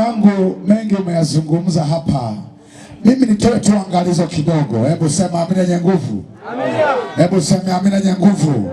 wangu mengi umeyazungumza hapa, mimi nitoe tu angalizo kidogo. Hebu sema amina yenye nguvu, hebu sema amina yenye nguvu.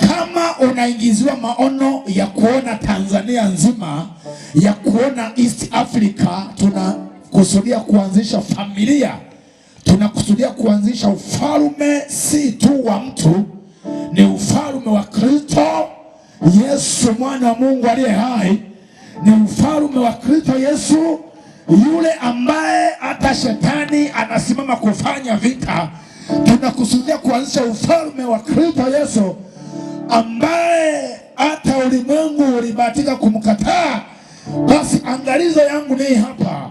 Kama unaingiziwa maono ya kuona Tanzania nzima, ya kuona East Africa, tunakusudia kuanzisha familia, tunakusudia kuanzisha ufalme, si tu wa mtu, ni ufalme wa Kristo Yesu mwana wa Mungu aliye hai ni mfalme wa Kristo Yesu, yule ambaye hata shetani anasimama kufanya vita. Tunakusudia kuanzisha ufalme wa Kristo Yesu ambaye hata ulimwengu ulibahatika kumkataa. Basi angalizo yangu ni hapa,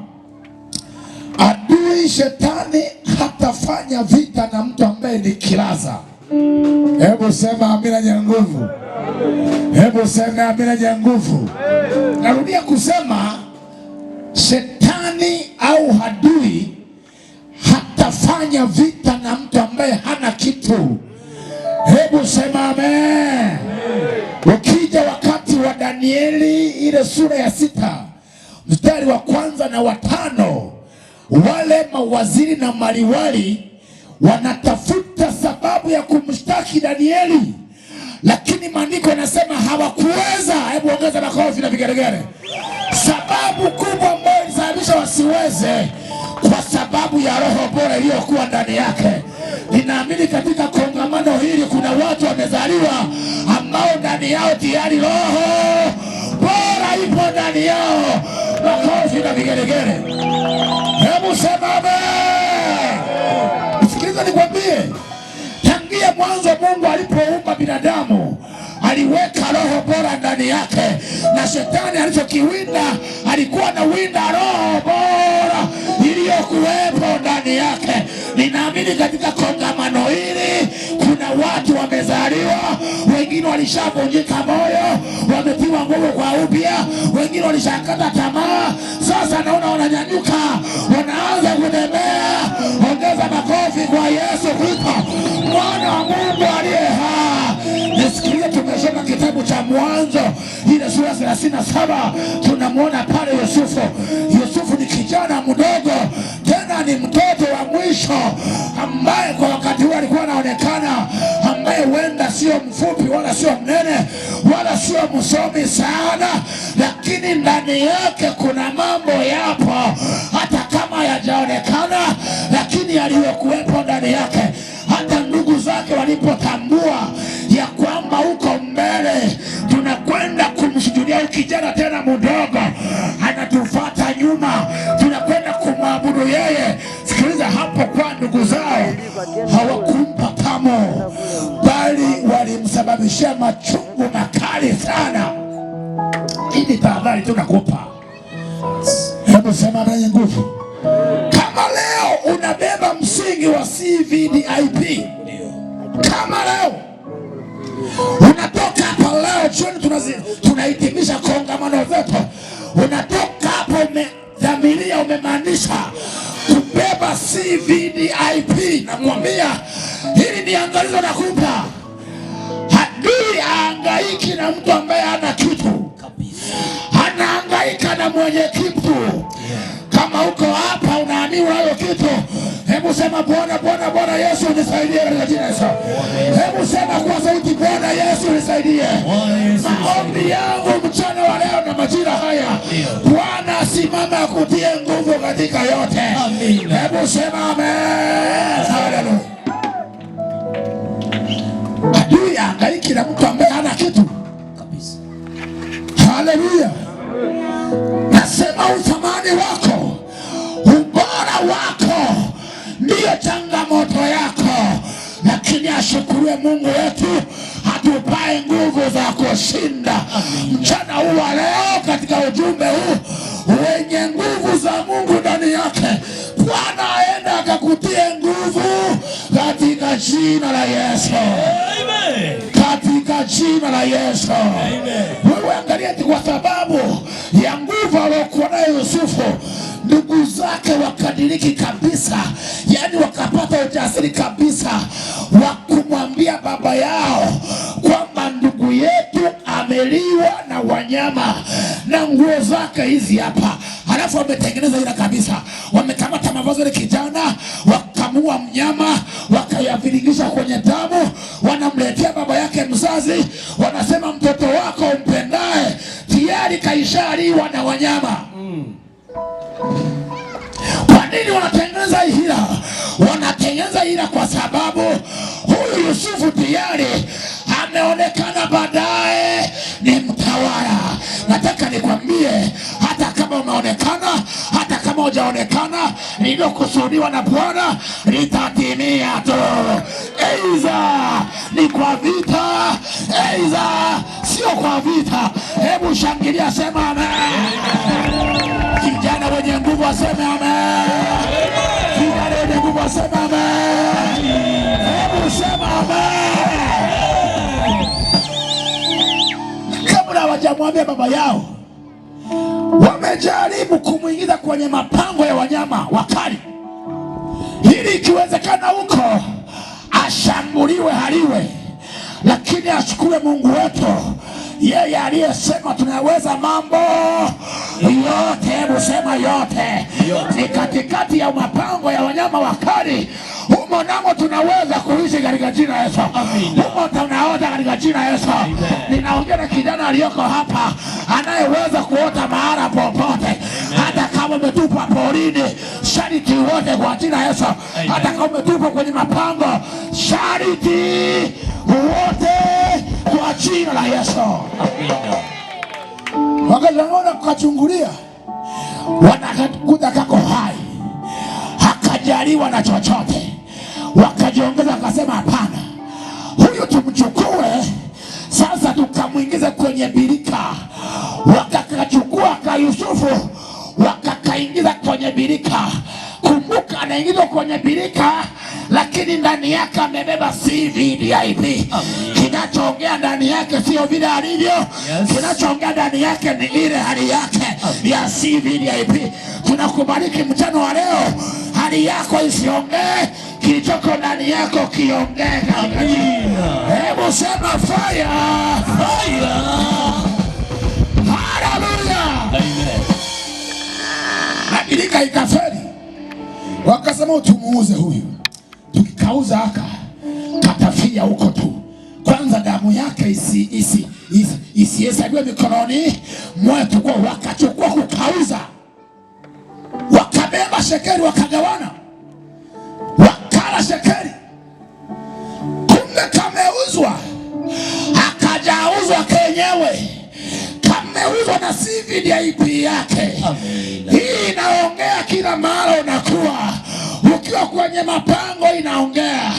adui shetani hatafanya vita na mtu ambaye ni kilaza. Hebu sema amina yenye nguvu. Hebu sema amina ya nguvu. Narudia kusema shetani au hadui hatafanya vita na mtu ambaye hana kitu. Hebu sema amen. Ukija wakati wa Danieli ile sura ya sita mstari wa kwanza na watano, wale mawaziri na maliwali wanatafuta sababu ya kumshtaki Danieli lakini maandiko yanasema hawakuweza. Hebu ongeza makofi na vigeregere. Sababu kubwa ambayo ilisababisha wasiweze, kwa sababu ya roho bora iliyokuwa ndani yake. Ninaamini katika kongamano hili kuna watu wamezaliwa ambao ndani yao tayari roho bora ipo ndani yao. Makofi na vigeregere, hebu sema amen. Sikiliza nikwambie Angalia mwanzo, Mungu alipoumba binadamu aliweka roho bora ndani yake, na shetani alichokiwinda alikuwa na winda roho bora iliyokuwepo ndani yake. Ninaamini katika kongamano hili kuna watu wamezaliwa, wengine walishavunjika moyo, wametiwa nguvu kwa upya, wengine walishakata tamaa. Sasa naona wananyanyuka, wanaanza kutembea kwa Yesu Kristo mwana wa Mungu aliye hai. Nisikilie, tumesoma kitabu cha Mwanzo ile sura thelathini na saba tunamwona pale Yusufu. Yusufu ni kijana mdogo, tena ni mtoto wa mwisho ambaye kwa wakati huo alikuwa anaonekana ambaye huenda sio mfupi wala sio mnene wala sio msomi sana, lakini ndani yake kuna mambo yapo hata kama yajaonekana maskini aliyokuwepo ndani yake, hata ndugu zake walipotambua ya kwamba huko mbele tunakwenda kumsujudia kijana tena mdogo, anatufata nyuma, tunakwenda kumwabudu yeye. Sikiliza hapo, kwa ndugu zao hawakumpa pamo, bali walimsababishia machungu makali sana. Hii ni tahadhari tunakupa. Hebu sema yenye nguvu. Kama leo unabeba msingi wa CVDIP, kama leo unatoka hapa leo jioni, tunahitimisha kongamano zetu, unatoka hapa umedhamiria, umemaanisha kubeba CVDIP, nakwambia hili ni angalizo na kupa adui aangaiki na mtu ambaye hana kitu, anaangaika na mwenye kitu. wito. Hebu sema Bwana, Bwana, Bwana Yesu nisaidie katika jina la Yesu. Hebu sema kwa sauti, Bwana Yesu nisaidie. Maombi yangu mchana wa leo na majira haya, Bwana simama akutie nguvu katika yote. Hebu sema amen. Haleluya. Mungu wetu atupae nguvu za kushinda mchana huu wa leo katika ujumbe huu wenye nguvu za Mungu ndani yake. Bwana aenda akakutie nguvu katika jina la Yesu, katika jina la Yesu. Wewe angalia, kwa sababu ya nguvu aliyokuwa nayo Yusufu, ndugu zake wakadiriki kabisa, yaani wakapata ujasiri kabisa wakumwa baba yao kwamba ndugu yetu ameliwa na wanyama na nguo zake hizi hapa, halafu wametengeneza ila kabisa, wamekamata mavazi ya kijana wakamua mnyama wakayaviringisha kwenye damu, wanamletea baba yake mzazi, wanasema mtoto wako umpendaye tayari kaishaliwa na wanyama mm. Kwa nini wanatengeneza hila? Wanatengeneza hila kwa sababu Huyu Yusufu tayari ameonekana baadaye ni mtawala. Nataka nikwambie, hata kama umeonekana, hata kama hujaonekana, lililokusudiwa na Bwana litatimia tu, eiza ni kwa vita, eiza sio kwa vita. Hebu shangilia, sema amen. Kijana mwenye nguvu aseme amen kubwa, sema amen. Hebu sema amen. Kabla hawajamwambia baba yao, wamejaribu kumwingiza kwenye mapango ya wanyama wakali, ili ikiwezekana huko ashambuliwe, haliwe, lakini ashukue Mungu wetu yeye aliyesema tunaweza mambo yote. Hebu sema yote. Ni katikati ya mapango ya wanyama wakali, humo namo tunaweza kuishi katika jina Yesu, humo tunaota katika jina Yesu. Ninaongea na kijana aliyoko hapa anayeweza kuota mahali popote, hata kama umetupwa porini, shariti uote kwa jina Yesu. Hata kama umetupwa kwenye mapango, shariti wote kwa jina la Yesu. Amina. Wakati naona kukachungulia, wanakuja kako hai, hakajaliwa na chochote, wakajiongeza wakasema, hapana, huyu tumchukue sasa, tukamwingize kwenye birika. Wakakachukua ka Yusufu wakakaingiza kwenye birika. Kumbuka, anaingizwa kwenye birika, lakini ndani yake amebeba CVVIP kinacho ndani yake sio vile alivyo yes. Kinachoongea ndani yake ni ile hali yake ya CVIP. Tunakubariki mchana wa leo, hali yako isiongee, kilichoko ndani yako kiongee. Hebu sema fire, fire. Ilika ikafeli, wakasema tumuuze huyu, tukikauza aka katafia huko tu kwanza damu yake isihesabiwe isi, isi, isi, isi mikononi mwetu, kwa wakachukua kukauza, wakabeba shekeri, wakagawana, wakala shekeri. Kumbe kameuzwa, akajauzwa kenyewe, kameuzwa na CVDIP yake. Hii inaongea kila mara, unakuwa ukiwa kwenye mapango, inaongea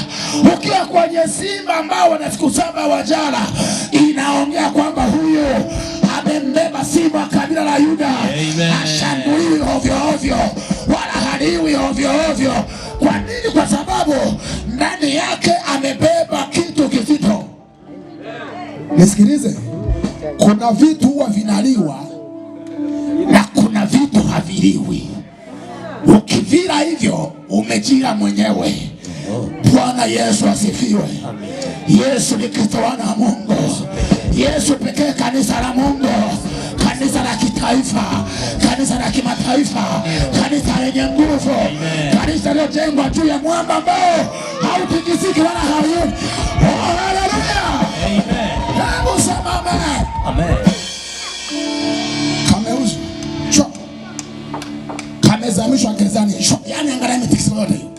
ukiwa kwenye Simba ambao wana siku saba wajala, inaongea kwamba huyo amembeba Simba kabila la Yuda, ashambuliwi hovyohovyo wala haliwi hovyohovyo Kwa nini? Kwa sababu ndani yake amebeba kitu kizito. Nisikilize, kuna vitu huwa vinaliwa na kuna vitu haviliwi. Ukivila hivyo umejila mwenyewe. Bwana Yesu asifiwe. Yesu ni Kristo wana Mungu. Yesu pekee kanisa la Mungu, kanisa la kitaifa, kanisa la kimataifa, kanisa lenye nguvu, kanisa lilojengwa juu ya mwamba ambao hautikisiki wala hauyuni. Oh, haleluya! Hebu sema amen. Kameuzwa, kamezamishwa gerezani, yaani angalia mitikisi yote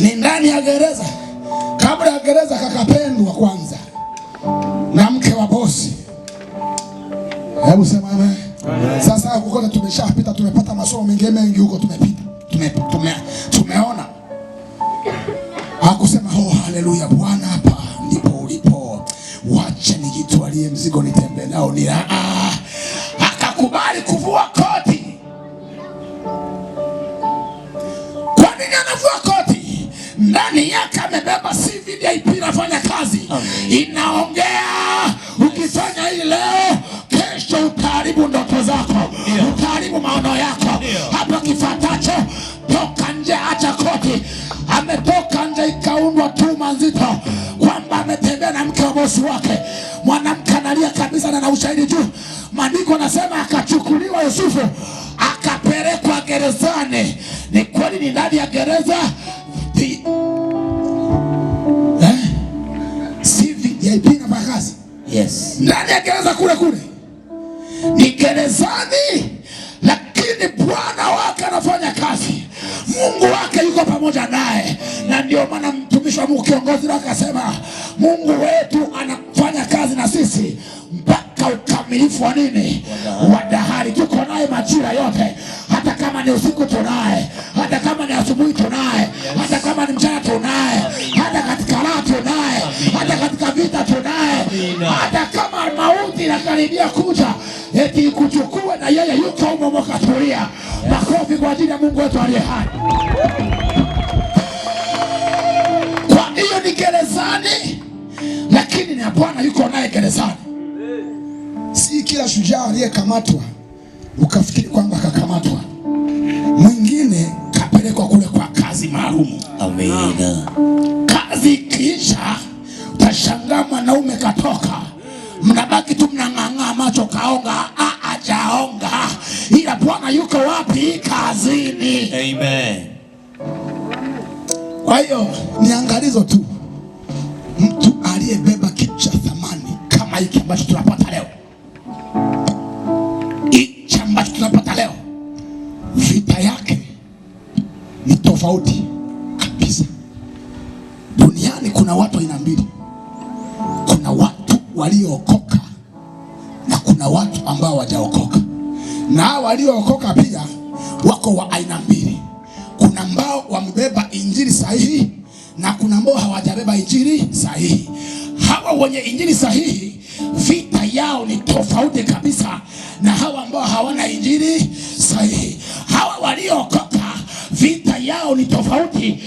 ni ndani ya gereza. Kabla ya gereza, kakapendwa kwanza na mke wa bosi. Hebu sema amen. Sasa huko tumeshapita, tumepata masomo mengi mengi huko, tumepita tume, tume, tumeona. Hakusema oh, haleluya, Bwana hapa ndipo ulipo, wacha nijitwalie mzigo nitembe nao, ni ah ndani yake amebeba CV ya ipira fanya kazi inaongea. Ukifanya hii leo, kesho utaharibu ndoto zako, utaharibu maono yako. Hapa kifatacho, toka nje, acha koti. Ametoka nje, ikaundwa tuma nzito kwamba ametembea na mke wa bosi wake. Mwanamke analia kabisa na na ushahidi juu. Maandiko anasema akachukuliwa Yusufu akapelekwa gerezani. Ni kweli, ni ndani ya gereza eh? si Ndani ya gereza kule kule ni gerezani, lakini Bwana wake anafanya kazi, Mungu wake yuko pamoja naye, na ndio maana mtumishi wa Mungu kiongozi wake akasema, Mungu wetu anafanya kazi na sisi mpaka ukamilifu wa nini, wa dahari. Tuko naye majira yote hata kama ni usiku tunaye, hata kama ni asubuhi tunaye, hata kama ni mchana tunaye, hata katika raha tunaye, hata katika vita tunaye, hata kama mauti inakaribia kuja eti kuchukua, na yeye yuko humo humo katulia. Makofi kwa ajili ya Mungu wetu aliye hai. Kwa hiyo ni gerezani, lakini na Bwana yuko naye gerezani. Si kila shujaa aliyekamatwa ukafikiri kwamba kaka utapelekwa kule kwa kazi maalum. Amina. Kazi kisha utashangaa mwanaume katoka, mnabaki tu mnang'ang'aa, macho kaonga ah, ajaonga, ila Bwana yuko wapi? Kazini. Amen. Kwa hiyo ni angalizo tu, mtu aliyebeba kitu cha thamani kama hiki ambacho tunapata tofauti kabisa. Duniani kuna watu aina mbili, kuna watu waliookoka na kuna watu ambao hawajaokoka, na waliookoka pia wako wa aina mbili. Kuna ambao wamebeba injili sahihi na kuna ambao hawajabeba injili sahihi. Hawa wenye injili sahihi vita yao ni tofauti kabisa na hawa ambao hawana injili sahihi. Hawa waliookoka vita yao ni tofauti